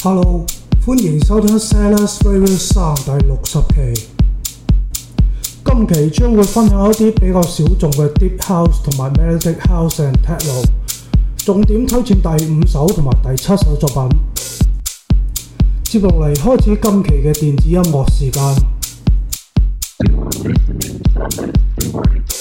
Hello，歡迎收聽《Sellers Radio Show》第六十期。今期將會分享一啲比較小眾嘅 Deep House 同埋 Melodic House and Techno，重點推薦第五首同埋第七首作品。接落嚟開始今期嘅電子音樂時間。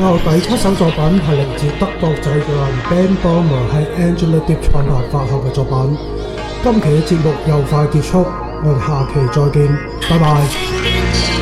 最後第七首作品係嚟自德國仔嘅人 Ben Bomer，係 Angela Deep 法學的廠牌發行嘅作品。今期嘅節目又快結束，我哋下期再見，拜拜。